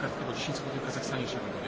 kartkę do 10 sekund w Kazachstanie czarnego.